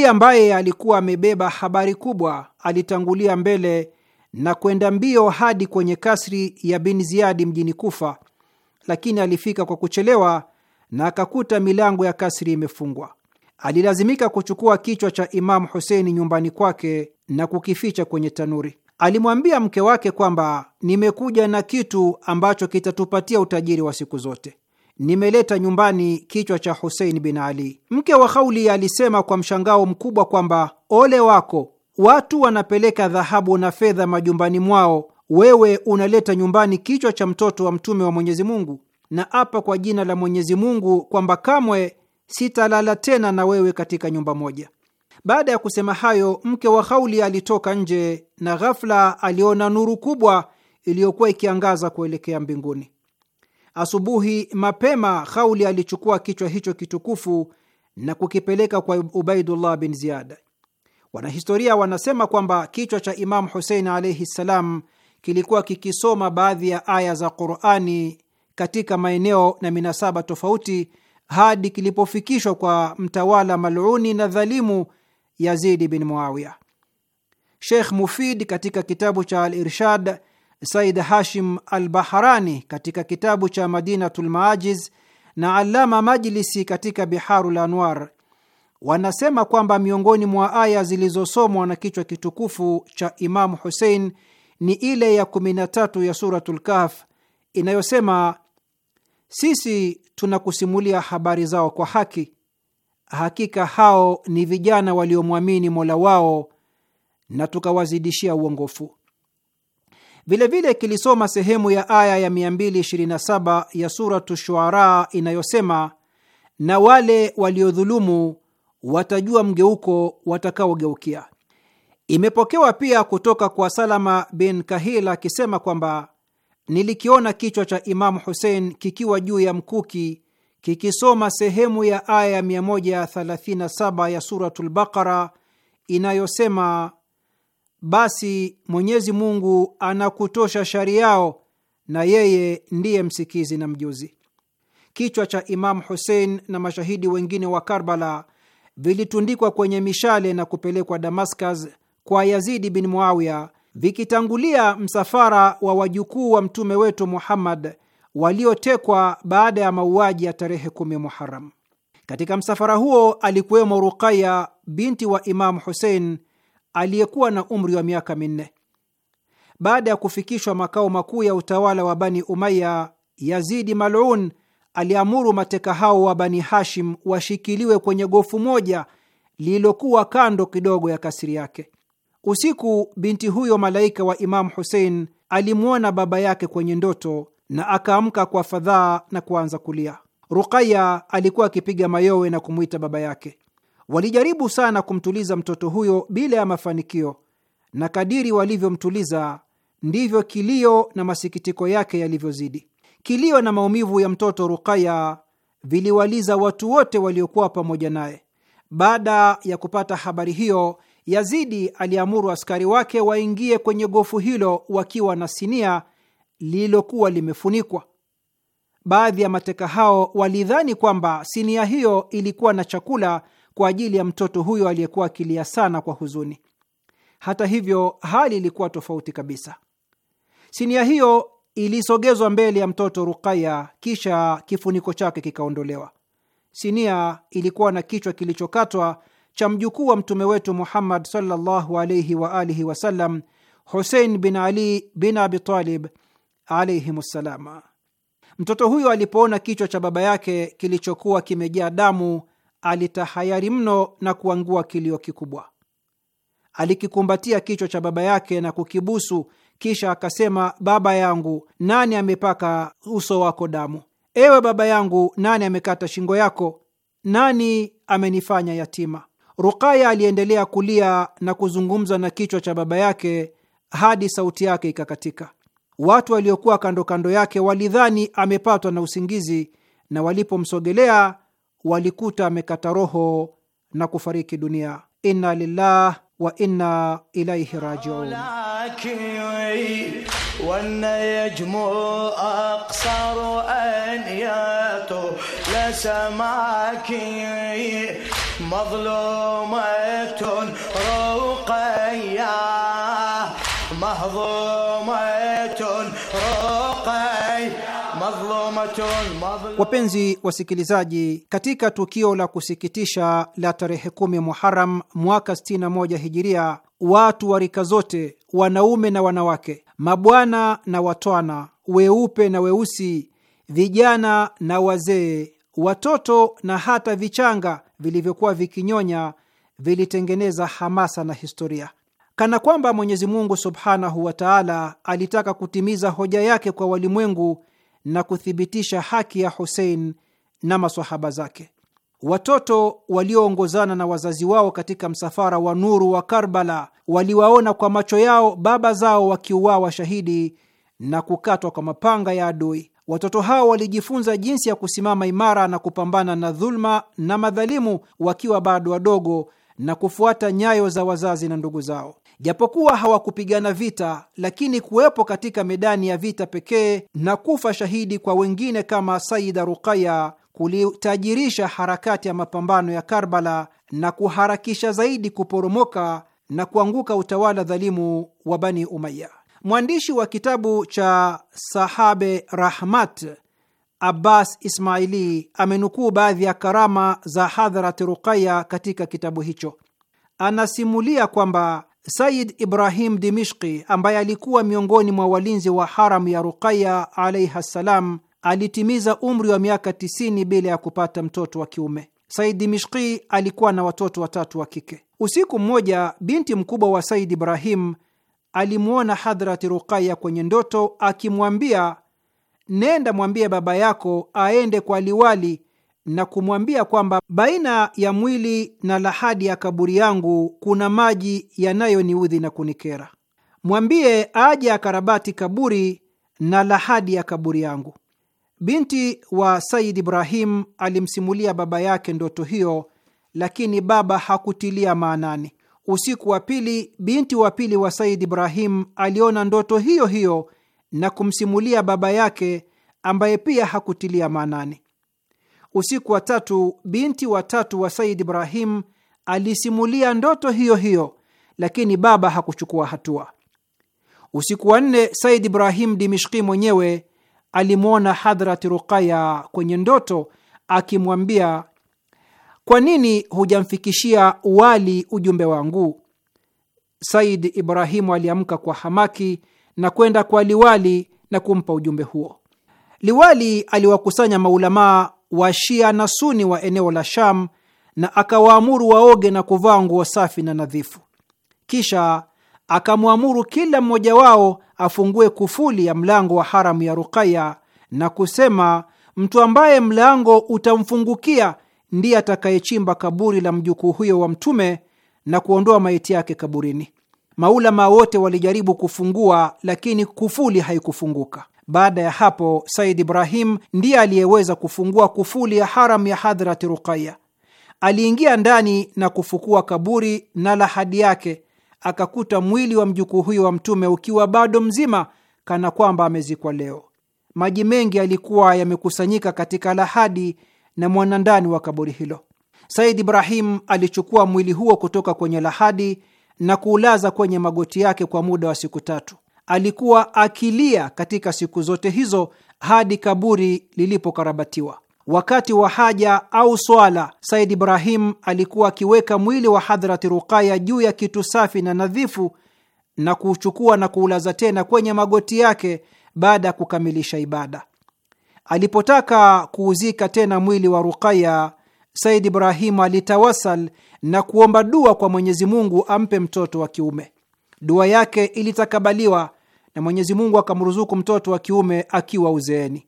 ambaye alikuwa amebeba habari kubwa alitangulia mbele na kwenda mbio hadi kwenye kasri ya Bin Ziyadi mjini Kufa, lakini alifika kwa kuchelewa na akakuta milango ya kasri imefungwa. Alilazimika kuchukua kichwa cha Imamu Huseini nyumbani kwake na kukificha kwenye tanuri. Alimwambia mke wake kwamba nimekuja na kitu ambacho kitatupatia utajiri wa siku zote nimeleta nyumbani kichwa cha Husein bin Ali. Mke wa Khawli alisema kwa mshangao mkubwa kwamba ole wako, watu wanapeleka dhahabu na fedha majumbani mwao, wewe unaleta nyumbani kichwa cha mtoto wa mtume wa Mwenyezi Mungu, na apa kwa jina la Mwenyezi Mungu kwamba kamwe sitalala tena na wewe katika nyumba moja. Baada ya kusema hayo, mke wa Khawli alitoka nje na ghafla aliona nuru kubwa iliyokuwa ikiangaza kuelekea mbinguni. Asubuhi mapema, Khauli alichukua kichwa hicho kitukufu na kukipeleka kwa Ubaidullah bin Ziyad. Wanahistoria wanasema kwamba kichwa cha Imamu Husein alaihi ssalam kilikuwa kikisoma baadhi ya aya za Qurani katika maeneo na minasaba tofauti hadi kilipofikishwa kwa mtawala maluni na dhalimu Yazidi bin Muawiya. Sheikh Mufid katika kitabu cha Al Irshad Said Hashim al Baharani katika kitabu cha Madinatul Maajiz na Alama Majlisi katika Biharul Anwar wanasema kwamba miongoni mwa aya zilizosomwa na kichwa kitukufu cha Imamu Husein ni ile ya 13 ya Suratul Kahf inayosema, sisi tunakusimulia habari zao kwa haki, hakika hao ni vijana waliomwamini mola wao na tukawazidishia uongofu. Vilevile kilisoma sehemu ya aya ya 227 ya Suratu Shuara inayosema, na wale waliodhulumu watajua mgeuko watakaogeukia. Imepokewa pia kutoka kwa Salama bin Kahil akisema kwamba nilikiona kichwa cha Imamu Husein kikiwa juu ya mkuki kikisoma sehemu ya aya ya 137 ya Suratul Bakara inayosema basi Mwenyezi Mungu anakutosha shari yao na yeye ndiye msikizi na mjuzi. Kichwa cha Imamu Husein na mashahidi wengine wa Karbala vilitundikwa kwenye mishale na kupelekwa Damascus kwa Yazidi bin Muawiya, vikitangulia msafara wa wajukuu wa mtume wetu Muhammad waliotekwa baada ya mauaji ya tarehe kumi Muharam. Katika msafara huo alikuwemo Ruqaya binti wa Imamu Husein aliyekuwa na umri wa miaka minne. Baada ya kufikishwa makao makuu ya utawala wa Bani Umaya, Yazidi Malun aliamuru mateka hao wa Bani Hashim washikiliwe kwenye gofu moja lililokuwa kando kidogo ya kasiri yake. Usiku binti huyo malaika wa Imamu Husein alimwona baba yake kwenye ndoto na akaamka kwa fadhaa na kuanza kulia. Ruqaya alikuwa akipiga mayowe na kumwita baba yake. Walijaribu sana kumtuliza mtoto huyo bila ya mafanikio, na kadiri walivyomtuliza ndivyo kilio na masikitiko yake yalivyozidi. Kilio na maumivu ya mtoto Rukaya viliwaliza watu wote waliokuwa pamoja naye. Baada ya kupata habari hiyo, Yazidi aliamuru askari wake waingie kwenye gofu hilo wakiwa na sinia lililokuwa limefunikwa. Baadhi ya mateka hao walidhani kwamba sinia hiyo ilikuwa na chakula kwa ajili ya mtoto huyo aliyekuwa akilia sana kwa huzuni. Hata hivyo, hali ilikuwa tofauti kabisa. Sinia hiyo ilisogezwa mbele ya mtoto Ruqaya, kisha kifuniko chake kikaondolewa. Sinia ilikuwa na kichwa kilichokatwa cha mjukuu wa mtume wetu Muhammad sallallahu alaihi wa alihi wasallam, Husein bin Ali bin Abitalib alaihimssalama. Mtoto huyo alipoona kichwa cha baba yake kilichokuwa kimejaa damu alitahayari mno na kuangua kilio kikubwa. Alikikumbatia kichwa cha baba yake na kukibusu, kisha akasema, baba yangu, nani amepaka uso wako damu? Ewe baba yangu, nani amekata shingo yako? Nani amenifanya yatima? Rukaya aliendelea kulia na kuzungumza na kichwa cha baba yake hadi sauti yake ikakatika. Watu waliokuwa kando kando yake walidhani amepatwa na usingizi, na walipomsogelea walikuta amekata roho na kufariki dunia. Inna lillah wa inna ilaihi rajiun. مظلومة Wapenzi wasikilizaji, katika tukio la kusikitisha la tarehe kumi Muharam mwaka 61 Hijiria, watu wa rika zote, wanaume na wanawake, mabwana na watwana, weupe na weusi, vijana na wazee, watoto na hata vichanga vilivyokuwa vikinyonya vilitengeneza hamasa na historia kana kwamba Mwenyezi Mungu subhanahu wa taala alitaka kutimiza hoja yake kwa walimwengu na kuthibitisha haki ya Husein na masahaba zake. Watoto walioongozana na wazazi wao katika msafara wa nuru wa Karbala waliwaona kwa macho yao baba zao wakiuawa shahidi na kukatwa kwa mapanga ya adui. Watoto hao walijifunza jinsi ya kusimama imara na kupambana na dhuluma na madhalimu wakiwa bado wadogo na kufuata nyayo za wazazi na ndugu zao. Japokuwa hawakupigana vita, lakini kuwepo katika medani ya vita pekee na kufa shahidi kwa wengine kama Sayida Ruqaya kulitajirisha harakati ya mapambano ya Karbala na kuharakisha zaidi kuporomoka na kuanguka utawala dhalimu wa Bani Umaya. Mwandishi wa kitabu cha Sahabe Rahmat Abbas Ismaili amenukuu baadhi ya karama za Hadhrat Ruqaya katika kitabu hicho. Anasimulia kwamba said Ibrahim Dimishki, ambaye alikuwa miongoni mwa walinzi wa haramu ya Ruqaya alaihi ssalam, alitimiza umri wa miaka 90 bila ya kupata mtoto wa kiume. Said Dimishki alikuwa na watoto watatu wa kike. Usiku mmoja, binti mkubwa wa Said Ibrahim alimwona Hadhrati Ruqaya kwenye ndoto akimwambia, nenda mwambie baba yako aende kwa liwali na kumwambia kwamba baina ya mwili na lahadi ya kaburi yangu kuna maji yanayoniudhi na kunikera. Mwambie aje akarabati kaburi na lahadi ya kaburi yangu. Binti wa Said Ibrahim alimsimulia baba yake ndoto hiyo, lakini baba hakutilia maanani. Usiku wa pili, binti wa pili wa Said Ibrahim aliona ndoto hiyo hiyo na kumsimulia baba yake, ambaye pia hakutilia maanani usiku wa tatu, binti wa tatu wa Said Ibrahim alisimulia ndoto hiyo hiyo, lakini baba hakuchukua hatua. Usiku wa nne, Said Ibrahim Dimishki mwenyewe alimwona Hadhrati Ruqaya kwenye ndoto akimwambia, kwa nini hujamfikishia wali ujumbe wangu? Said Ibrahimu aliamka kwa hamaki na kwenda kwa liwali na kumpa ujumbe huo. Liwali aliwakusanya maulamaa wa Shia na Suni wa eneo la Sham na akawaamuru waoge na kuvaa nguo safi na nadhifu. Kisha akamwamuru kila mmoja wao afungue kufuli ya mlango wa haramu ya Ruqaya na kusema, mtu ambaye mlango utamfungukia ndiye atakayechimba kaburi la mjukuu huyo wa Mtume na kuondoa maiti yake kaburini. Maulama wote walijaribu kufungua, lakini kufuli haikufunguka. Baada ya hapo, Said Ibrahim ndiye aliyeweza kufungua kufuli ya haram ya Hadhrati Ruqaya. Aliingia ndani na kufukua kaburi na lahadi yake, akakuta mwili wa mjukuu huyo wa Mtume ukiwa bado mzima, kana kwamba amezikwa leo. Maji mengi yalikuwa yamekusanyika katika lahadi na mwanandani wa kaburi hilo. Said Ibrahim alichukua mwili huo kutoka kwenye lahadi na kuulaza kwenye magoti yake kwa muda wa siku tatu alikuwa akilia katika siku zote hizo hadi kaburi lilipokarabatiwa. Wakati wa haja au swala, Said Ibrahim alikuwa akiweka mwili wa Hadhrati Ruqaya juu ya kitu safi na nadhifu na kuuchukua na kuulaza tena kwenye magoti yake baada ya kukamilisha ibada. Alipotaka kuuzika tena mwili wa Ruqaya, Said Ibrahim alitawasal na kuomba dua kwa Mwenyezi Mungu ampe mtoto wa kiume. Dua yake ilitakabaliwa na Mwenyezi Mungu akamruzuku mtoto wa kiume akiwa uzeeni.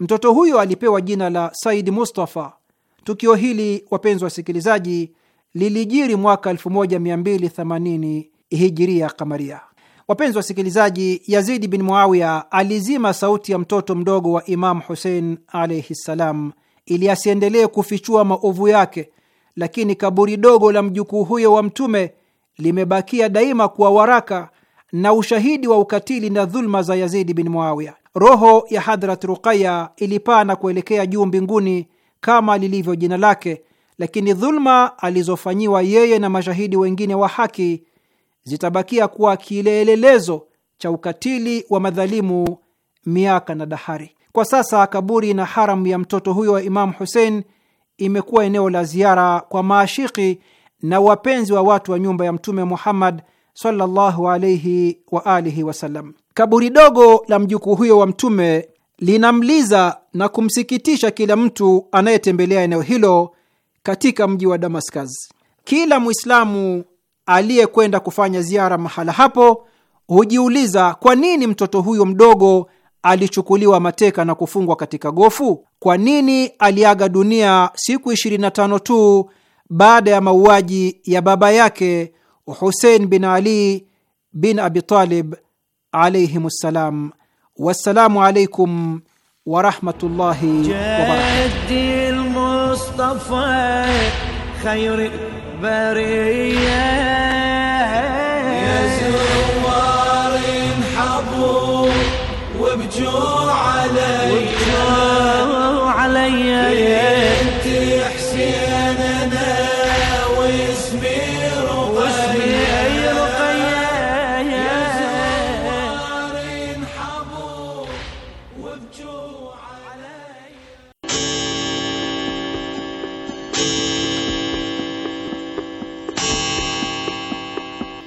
Mtoto huyo alipewa jina la Said Mustafa. Tukio hili, wapenzi wasikilizaji, lilijiri mwaka 1280 hijiria kamaria. Wapenzi wasikilizaji, Yazidi bin Muawiya alizima sauti ya mtoto mdogo wa Imamu Husein alaihi ssalam ili asiendelee kufichua maovu yake, lakini kaburi dogo la mjukuu huyo wa Mtume limebakia daima kuwa waraka na ushahidi wa ukatili na dhuluma za Yazidi bin Muawiya. Roho ya Hadhrat Ruqaya ilipaa na kuelekea juu mbinguni kama lilivyo jina lake, lakini dhuluma alizofanyiwa yeye na mashahidi wengine wa haki zitabakia kuwa kielelezo cha ukatili wa madhalimu miaka na dahari. Kwa sasa kaburi na haramu ya mtoto huyo wa Imamu Husein imekuwa eneo la ziara kwa maashiki na wapenzi wa watu wa nyumba ya Mtume Muhammad sallallahu alaihi wa alihi wasallam. Kaburi dogo la mjukuu huyo wa Mtume linamliza na kumsikitisha kila mtu anayetembelea eneo hilo katika mji wa Damascus. Kila Mwislamu aliyekwenda kufanya ziara mahala hapo hujiuliza kwa nini mtoto huyo mdogo alichukuliwa mateka na kufungwa katika gofu? Kwa nini aliaga dunia siku 25 tu baada ya mauaji ya baba yake Husein bin Ali bin Abi Talib alaihim ssalam. Wassalamu alaikum warahmatullahi wabarakatuh.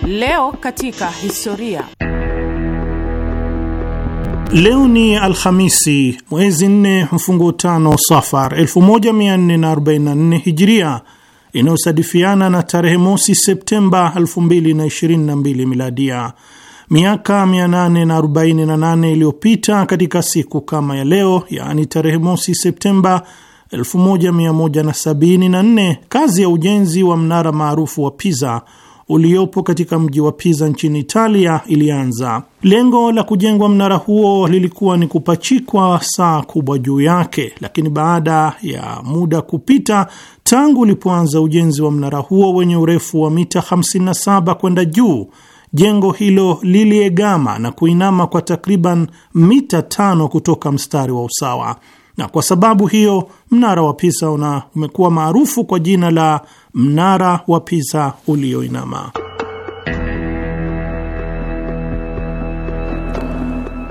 Leo katika historia. Leo ni Alhamisi, mwezi nne mfungo tano Safar 1444 Hijiria, inayosadifiana na tarehe mosi Septemba 2022 Miladia. Miaka 848 iliyopita katika siku kama ya leo, yaani tarehe mosi Septemba 1174, kazi ya ujenzi wa mnara maarufu wa Pisa uliopo katika mji wa Pisa nchini Italia ilianza. Lengo la kujengwa mnara huo lilikuwa ni kupachikwa saa kubwa juu yake, lakini baada ya muda kupita tangu ulipoanza ujenzi wa mnara huo wenye urefu wa mita 57 kwenda juu, jengo hilo liliegama na kuinama kwa takriban mita tano kutoka mstari wa usawa na kwa sababu hiyo mnara wa Pisa una umekuwa maarufu kwa jina la mnara wa Pisa ulioinama.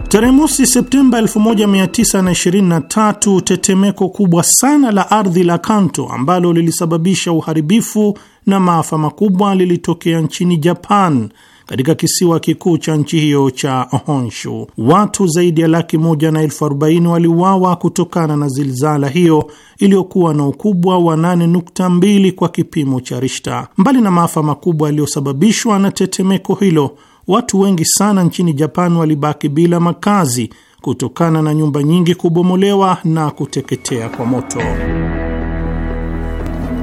Tarehe mosi Septemba 1923 tetemeko kubwa sana la ardhi la Kanto ambalo lilisababisha uharibifu na maafa makubwa lilitokea nchini Japan katika kisiwa kikuu cha nchi hiyo cha Honshu. Watu zaidi ya laki moja na elfu arobaini waliuawa kutokana na zilzala hiyo iliyokuwa na ukubwa wa 8.2 kwa kipimo cha Rishta. Mbali na maafa makubwa yaliyosababishwa na tetemeko hilo, watu wengi sana nchini Japan walibaki bila makazi kutokana na nyumba nyingi kubomolewa na kuteketea kwa moto.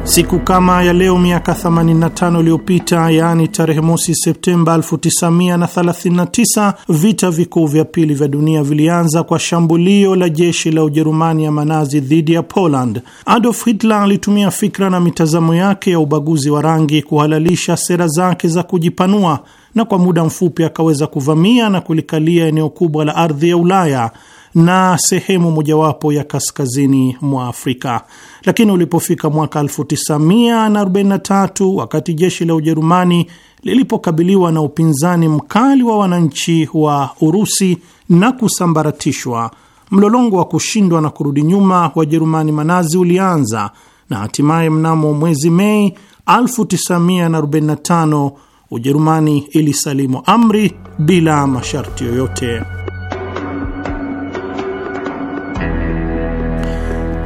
Siku kama ya leo miaka 85 iliyopita, yaani tarehe mosi Septemba 1939, vita vikuu vya pili vya dunia vilianza kwa shambulio la jeshi la Ujerumani ya manazi dhidi ya Poland. Adolf Hitler alitumia fikra na mitazamo yake ya ubaguzi wa rangi kuhalalisha sera zake za kujipanua, na kwa muda mfupi akaweza kuvamia na kulikalia eneo kubwa la ardhi ya Ulaya na sehemu mojawapo ya kaskazini mwa Afrika. Lakini ulipofika mwaka 1943 wakati jeshi la Ujerumani lilipokabiliwa na upinzani mkali wa wananchi wa Urusi na kusambaratishwa, mlolongo wa kushindwa na kurudi nyuma wa Jerumani manazi ulianza na hatimaye mnamo mwezi Mei 1945 Ujerumani ilisalimu amri bila masharti yoyote.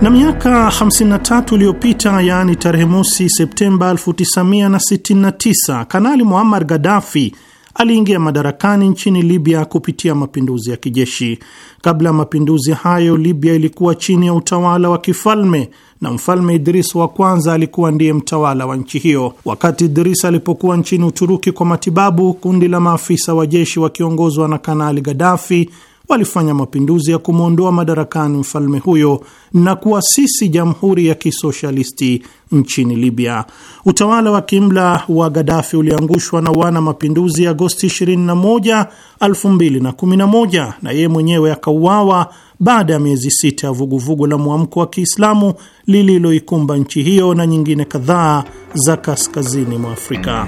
Na miaka 53 iliyopita, yaani tarehe mosi Septemba 1969, Kanali Muammar Gaddafi aliingia madarakani nchini Libya kupitia mapinduzi ya kijeshi. Kabla ya mapinduzi hayo, Libya ilikuwa chini ya utawala wa kifalme na mfalme Idris wa kwanza alikuwa ndiye mtawala wa nchi hiyo. Wakati Idris alipokuwa nchini Uturuki kwa matibabu, kundi la maafisa wa jeshi wakiongozwa na Kanali Gaddafi walifanya mapinduzi ya kumwondoa madarakani mfalme huyo na kuasisi jamhuri ya kisoshalisti nchini Libya. Utawala wa kimla wa Gadafi uliangushwa na wana mapinduzi Agosti 21, 2011 na yeye mwenyewe akauawa baada ya miezi sita ya vuguvugu la mwamko wa Kiislamu lililoikumba nchi hiyo na nyingine kadhaa za kaskazini mwa Afrika.